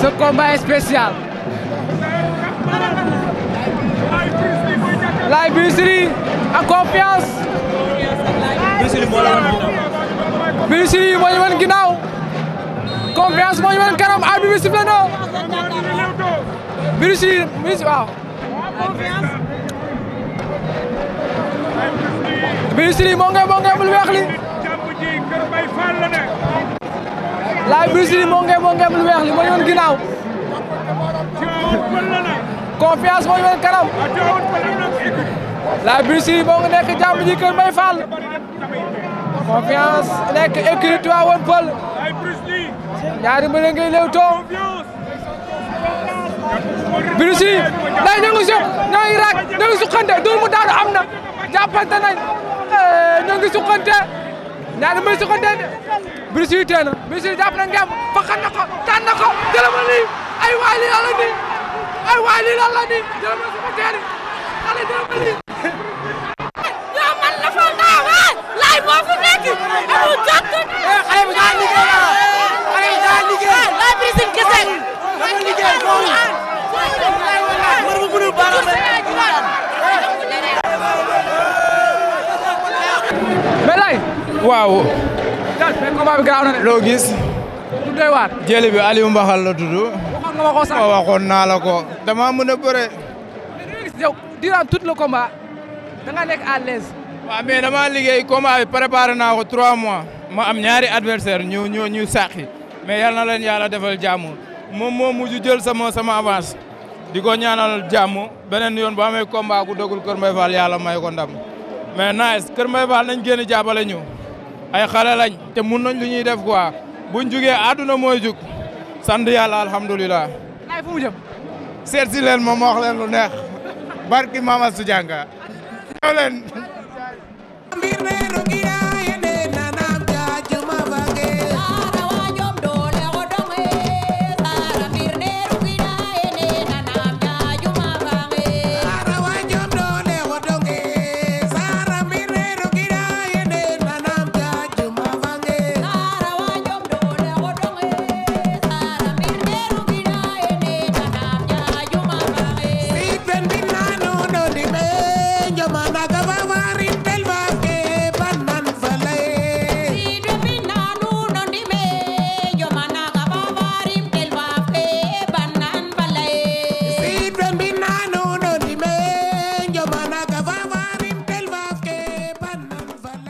ce combat est spécial. Laye a confiance. Bichri moo la moo ñu wan ginnaaw. confiance moo ñu wan kanam ah bi bi sifflé waaw. Bichri moo ngi koy moo ngi koy lu weex li. Bruce Lee moo ngeen moo moo ñu woon ginnaaw confiance moo ñu kanam la Bruce Lee moo ngi nekk kër Mbaye Fall confiance nekk écurie Tivaouane ñaari mbir ngay léew too Bruce Lee day ñëngu si ñoo ngi raak ñoo ngi daanu am na jàppante nañ ñoo eh, ngi suqante ñaari mbir si ko dende Brise Wi tee na Brise Wi jàpp na ngemb fakkat na ko tànn na ko jëlal ay waay lii lan la nii ay ko teeri xale jëlal ma lii yow man la fa naawaay laay moo waaw. combat bi gaaw na loo gis. lu doy waar. bi Aliou Mbaxal la tudd. waxoon ko sax waxoon naa la ko. dama mën a bëre. yow durant tout le combat da nga nekk à l'aise. waaw mais dama liggéey combat bi préparé naa ko trois mois. ma am ñaari adversaire ñu ñu ñu sàqi mais yal na leen yàlla defal jàmm moom moo mujj jël sama sama avance. di ko ñaanal jàmm beneen yoon bu amee combat ku dogul Kër Mbaye Fall yàlla may ko ndam mais nice Kër Mbaye Fall nañ génn jàppale ñu. ay xale te mun nañ lu ñuy def quoi buñ jugee àdduna mooy jug yàlla alhamdulilah. laay fu mu jëm. seet si leen moom wax lu neex barki Mama Sujanga ñëw leen.